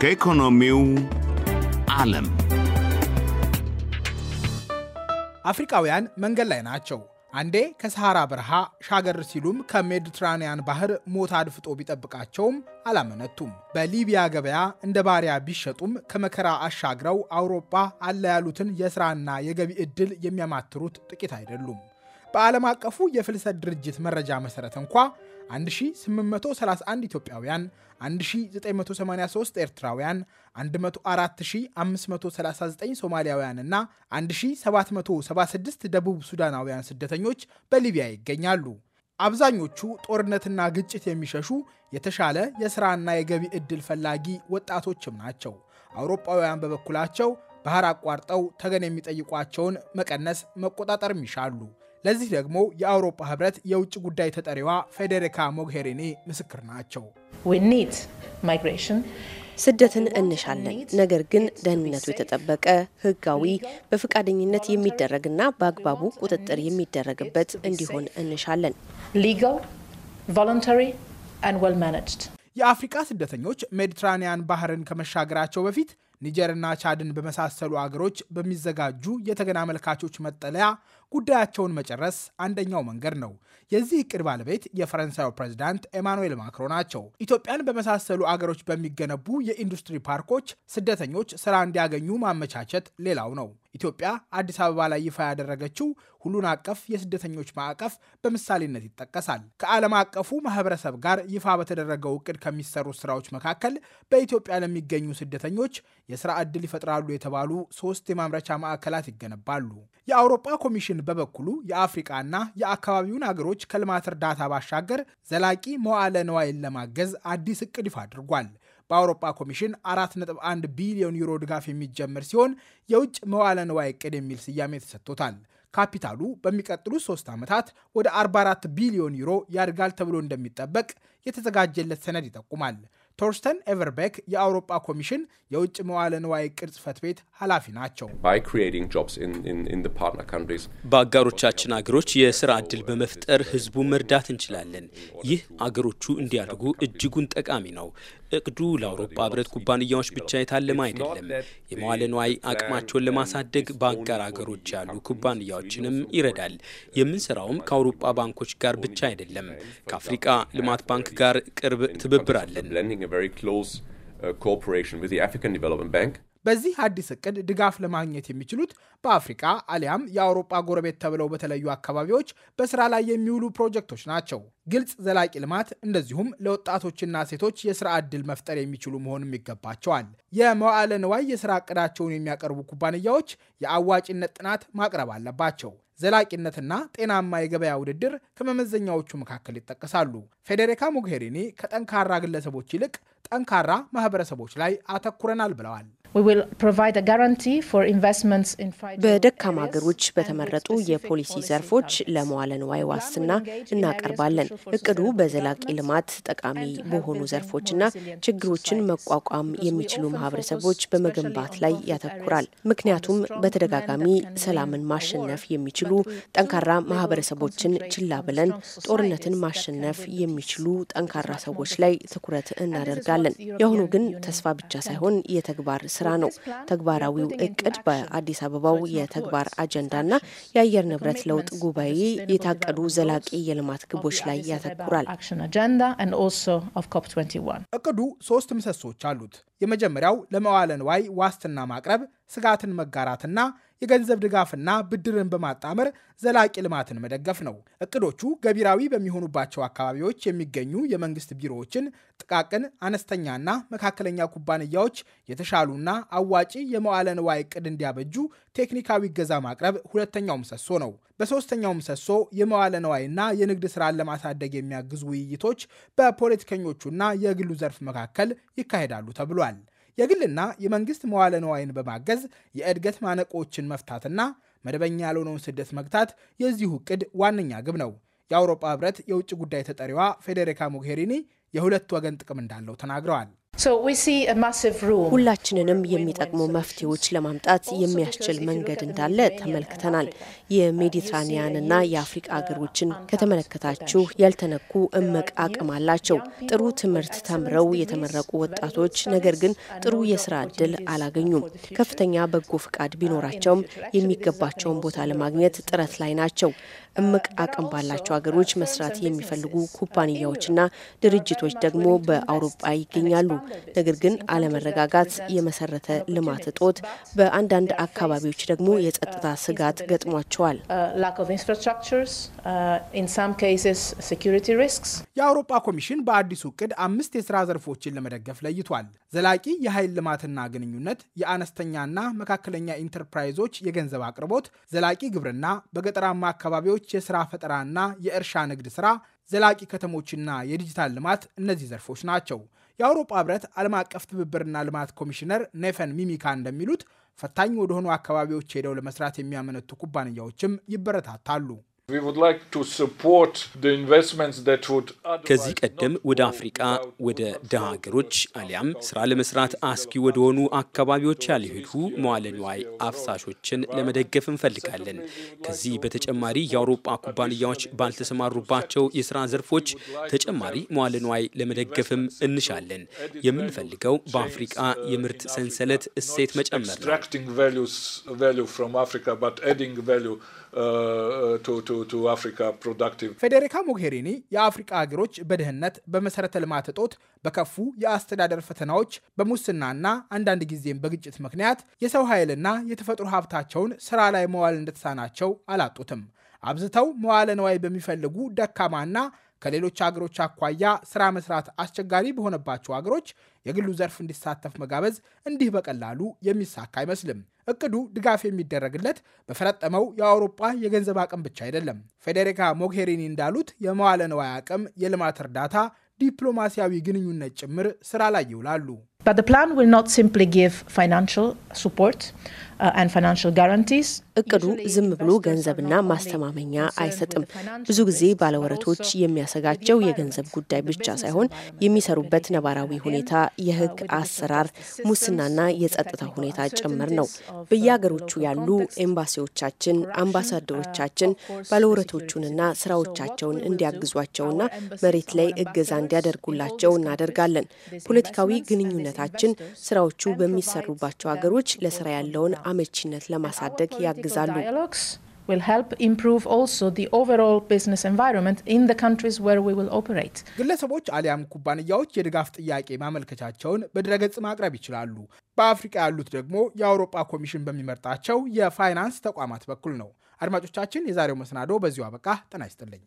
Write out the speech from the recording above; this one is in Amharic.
ከኢኮኖሚው ዓለም አፍሪካውያን መንገድ ላይ ናቸው። አንዴ ከሰሐራ በረሃ ሻገር ሲሉም ከሜዲትራንያን ባህር ሞት አድፍጦ ቢጠብቃቸውም አላመነቱም። በሊቢያ ገበያ እንደ ባሪያ ቢሸጡም ከመከራ አሻግረው አውሮፓ አለ ያሉትን የሥራና የገቢ ዕድል የሚያማትሩት ጥቂት አይደሉም። በዓለም አቀፉ የፍልሰት ድርጅት መረጃ መሠረት እንኳ 1831 ኢትዮጵያውያን፣ 1983 ኤርትራውያን፣ 14539 ሶማሊያውያን እና 1776 ደቡብ ሱዳናውያን ስደተኞች በሊቢያ ይገኛሉ። አብዛኞቹ ጦርነትና ግጭት የሚሸሹ የተሻለ የሥራና የገቢ ዕድል ፈላጊ ወጣቶችም ናቸው። አውሮፓውያን በበኩላቸው ባህር አቋርጠው ተገን የሚጠይቋቸውን መቀነስ መቆጣጠርም ይሻሉ። ለዚህ ደግሞ የአውሮፓ ህብረት የውጭ ጉዳይ ተጠሪዋ ፌዴሪካ ሞግሄሪኒ ምስክር ናቸው። ስደትን እንሻለን፣ ነገር ግን ደህንነቱ የተጠበቀ ህጋዊ፣ በፈቃደኝነት የሚደረግና በአግባቡ ቁጥጥር የሚደረግበት እንዲሆን እንሻለን። ሊጋል የአፍሪቃ ስደተኞች ሜዲትራኒያን ባህርን ከመሻገራቸው በፊት ኒጀርና ቻድን በመሳሰሉ አገሮች በሚዘጋጁ የተገና አመልካቾች መጠለያ ጉዳያቸውን መጨረስ አንደኛው መንገድ ነው። የዚህ እቅድ ባለቤት የፈረንሳዩ ፕሬዚዳንት ኤማኑኤል ማክሮ ናቸው። ኢትዮጵያን በመሳሰሉ አገሮች በሚገነቡ የኢንዱስትሪ ፓርኮች ስደተኞች ስራ እንዲያገኙ ማመቻቸት ሌላው ነው። ኢትዮጵያ አዲስ አበባ ላይ ይፋ ያደረገችው ሁሉን አቀፍ የስደተኞች ማዕቀፍ በምሳሌነት ይጠቀሳል። ከዓለም አቀፉ ማህበረሰብ ጋር ይፋ በተደረገው እቅድ ከሚሰሩ ስራዎች መካከል በኢትዮጵያ ለሚገኙ ስደተኞች የስራ ዕድል ይፈጥራሉ የተባሉ ሶስት የማምረቻ ማዕከላት ይገነባሉ። የአውሮፓ ኮሚሽን በበኩሉ የአፍሪቃና የአካባቢውን አገሮች ከልማት እርዳታ ባሻገር ዘላቂ መዋለ ነዋይን ለማገዝ አዲስ እቅድ ይፋ አድርጓል። በአውሮፓ ኮሚሽን 4.1 ቢሊዮን ዩሮ ድጋፍ የሚጀምር ሲሆን የውጭ መዋለ ንዋይ ዕቅድ የሚል ስያሜ ተሰጥቶታል። ካፒታሉ በሚቀጥሉት ሶስት ዓመታት ወደ 44 ቢሊዮን ዩሮ ያድጋል ተብሎ እንደሚጠበቅ የተዘጋጀለት ሰነድ ይጠቁማል። ቶርስተን ኤቨርቤክ የአውሮፓ ኮሚሽን የውጭ መዋለ ንዋይ ዕቅድ ጽሕፈት ቤት ኃላፊ ናቸው። በአጋሮቻችን አገሮች የስራ ዕድል በመፍጠር ህዝቡ መርዳት እንችላለን። ይህ አገሮቹ እንዲያድጉ እጅጉን ጠቃሚ ነው። እቅዱ ለአውሮፓ ህብረት ኩባንያዎች ብቻ የታለመ አይደለም። የመዋለ ንዋይ አቅማቸውን ለማሳደግ በአጋር ሀገሮች ያሉ ኩባንያዎችንም ይረዳል። የምንሰራውም ከአውሮፓ ባንኮች ጋር ብቻ አይደለም። ከአፍሪቃ ልማት ባንክ ጋር ቅርብ ትብብር አለን። በዚህ አዲስ እቅድ ድጋፍ ለማግኘት የሚችሉት በአፍሪካ አሊያም የአውሮፓ ጎረቤት ተብለው በተለዩ አካባቢዎች በስራ ላይ የሚውሉ ፕሮጀክቶች ናቸው። ግልጽ ዘላቂ ልማት እንደዚሁም ለወጣቶችና ሴቶች የስራ ዕድል መፍጠር የሚችሉ መሆንም ይገባቸዋል። የመዋዕለ ንዋይ የስራ እቅዳቸውን የሚያቀርቡ ኩባንያዎች የአዋጭነት ጥናት ማቅረብ አለባቸው። ዘላቂነትና ጤናማ የገበያ ውድድር ከመመዘኛዎቹ መካከል ይጠቀሳሉ። ፌዴሪካ ሞጌሪኒ ከጠንካራ ግለሰቦች ይልቅ ጠንካራ ማህበረሰቦች ላይ አተኩረናል ብለዋል። በደካማ ሀገሮች በተመረጡ የፖሊሲ ዘርፎች ለመዋለ ንዋይ ዋስትና እናቀርባለን። እቅዱ በዘላቂ ልማት ጠቃሚ በሆኑ ዘርፎችና ችግሮችን መቋቋም የሚችሉ ማህበረሰቦች በመገንባት ላይ ያተኩራል። ምክንያቱም በተደጋጋሚ ሰላምን ማሸነፍ የሚችሉ ጠንካራ ማህበረሰቦችን ችላ ብለን ጦርነትን ማሸነፍ የሚችሉ ጠንካራ ሰዎች ላይ ትኩረት እናደርጋለን። የአሁኑ ግን ተስፋ ብቻ ሳይሆን የተግባር ስራ ስራ ነው። ተግባራዊው እቅድ በአዲስ አበባው የተግባር አጀንዳና የአየር ንብረት ለውጥ ጉባኤ የታቀዱ ዘላቂ የልማት ግቦች ላይ ያተኩራል። እቅዱ ሶስት ምሰሶች አሉት። የመጀመሪያው ለመዋለ ንዋይ ዋስትና ማቅረብ፣ ስጋትን መጋራትና የገንዘብ ድጋፍና ብድርን በማጣመር ዘላቂ ልማትን መደገፍ ነው። እቅዶቹ ገቢራዊ በሚሆኑባቸው አካባቢዎች የሚገኙ የመንግስት ቢሮዎችን፣ ጥቃቅን አነስተኛና መካከለኛ ኩባንያዎች የተሻሉና አዋጪ የመዋለ ንዋይ እቅድ እንዲያበጁ ቴክኒካዊ እገዛ ማቅረብ ሁለተኛው ምሰሶ ነው። በሶስተኛው ምሰሶ የመዋለ ንዋይና የንግድ ስራን ለማሳደግ የሚያግዙ ውይይቶች በፖለቲከኞቹና የግሉ ዘርፍ መካከል ይካሄዳሉ ተብሏል። የግልና የመንግስት መዋለ ነዋይን በማገዝ የእድገት ማነቆዎችን መፍታትና መደበኛ ያልሆነውን ስደት መግታት የዚሁ እቅድ ዋነኛ ግብ ነው። የአውሮፓ ህብረት የውጭ ጉዳይ ተጠሪዋ ፌዴሪካ ሞጌሪኒ የሁለት ወገን ጥቅም እንዳለው ተናግረዋል። ሁላችንንም የሚጠቅሙ መፍትሄዎች ለማምጣት የሚያስችል መንገድ እንዳለ ተመልክተናል። የሜዲትራኒያንና የአፍሪቃ ሀገሮችን ከተመለከታችሁ ያልተነኩ እምቅ አቅም አላቸው። ጥሩ ትምህርት ተምረው የተመረቁ ወጣቶች ነገር ግን ጥሩ የስራ እድል አላገኙም። ከፍተኛ በጎ ፍቃድ ቢኖራቸውም የሚገባቸውን ቦታ ለማግኘት ጥረት ላይ ናቸው። እምቅ አቅም ባላቸው ሀገሮች መስራት የሚፈልጉ ኩባንያዎችና ድርጅቶች ደግሞ በአውሮፓ ይገኛሉ። ነገር ግን አለመረጋጋት፣ የመሰረተ ልማት እጦት፣ በአንዳንድ አካባቢዎች ደግሞ የጸጥታ ስጋት ገጥሟቸዋል። የአውሮፓ ኮሚሽን በአዲሱ እቅድ አምስት የስራ ዘርፎችን ለመደገፍ ለይቷል። ዘላቂ የኃይል ልማትና ግንኙነት፣ የአነስተኛና መካከለኛ ኢንተርፕራይዞች የገንዘብ አቅርቦት፣ ዘላቂ ግብርና፣ በገጠራማ አካባቢዎች የስራ ፈጠራና የእርሻ ንግድ ስራ ዘላቂ ከተሞችና የዲጂታል ልማት እነዚህ ዘርፎች ናቸው። የአውሮፓ ህብረት ዓለም አቀፍ ትብብርና ልማት ኮሚሽነር ኔፈን ሚሚካ እንደሚሉት ፈታኝ ወደሆኑ አካባቢዎች ሄደው ለመስራት የሚያመነቱ ኩባንያዎችም ይበረታታሉ። ከዚህ ቀደም ወደ አፍሪቃ ወደ ድሃ ሀገሮች አሊያም ስራ ለመስራት አስጊ ወደሆኑ አካባቢዎች ያልሄዱ መዋለ ንዋይ አፍሳሾችን ለመደገፍ እንፈልጋለን። ከዚህ በተጨማሪ የአውሮፓ ኩባንያዎች ባልተሰማሩባቸው የስራ ዘርፎች ተጨማሪ መዋለ ንዋይ ለመደገፍም እንሻለን። የምንፈልገው በአፍሪቃ uh, የምርት ሰንሰለት እሴት መጨመር ነው። ቱ ፌዴሪካ ሞጌሪኒ የአፍሪቃ ሀገሮች በድህነት በመሰረተ ልማት እጦት በከፉ የአስተዳደር ፈተናዎች በሙስናና አንዳንድ ጊዜም በግጭት ምክንያት የሰው ኃይልና የተፈጥሮ ሀብታቸውን ስራ ላይ መዋል እንደተሳናቸው አላጡትም። አብዝተው መዋለ ነዋይ በሚፈልጉ ደካማና ከሌሎች አገሮች አኳያ ስራ መስራት አስቸጋሪ በሆነባቸው አገሮች የግሉ ዘርፍ እንዲሳተፍ መጋበዝ እንዲህ በቀላሉ የሚሳካ አይመስልም። እቅዱ ድጋፍ የሚደረግለት በፈረጠመው የአውሮፓ የገንዘብ አቅም ብቻ አይደለም። ፌዴሪካ ሞጌሪኒ እንዳሉት የመዋለ ንዋይ አቅም፣ የልማት እርዳታ፣ ዲፕሎማሲያዊ ግንኙነት ጭምር ስራ ላይ ይውላሉ። Uh, እቅዱ ዝም ብሎ ገንዘብና ማስተማመኛ አይሰጥም። ብዙ ጊዜ ባለወረቶች የሚያሰጋቸው የገንዘብ ጉዳይ ብቻ ሳይሆን የሚሰሩበት ነባራዊ ሁኔታ፣ የህግ አሰራር፣ ሙስናና የጸጥታ ሁኔታ ጭምር ነው። በየሀገሮቹ ያሉ ኤምባሲዎቻችን፣ አምባሳደሮቻችን ባለወረቶቹንና ስራዎቻቸውን እንዲያግዟቸውና መሬት ላይ እገዛ እንዲያደርጉላቸው እናደርጋለን። ፖለቲካዊ ግንኙነታችን ስራዎቹ በሚሰሩባቸው ሀገሮች ለስራ ያለውን አመቺነት ለማሳደግ ያግዛሉ። ግለሰቦች አሊያም ኩባንያዎች የድጋፍ ጥያቄ ማመልከቻቸውን በድረገጽ ማቅረብ ይችላሉ። በአፍሪቃ ያሉት ደግሞ የአውሮጳ ኮሚሽን በሚመርጣቸው የፋይናንስ ተቋማት በኩል ነው። አድማጮቻችን፣ የዛሬው መሰናዶ በዚሁ አበቃ። ጤና ይስጥልኝ።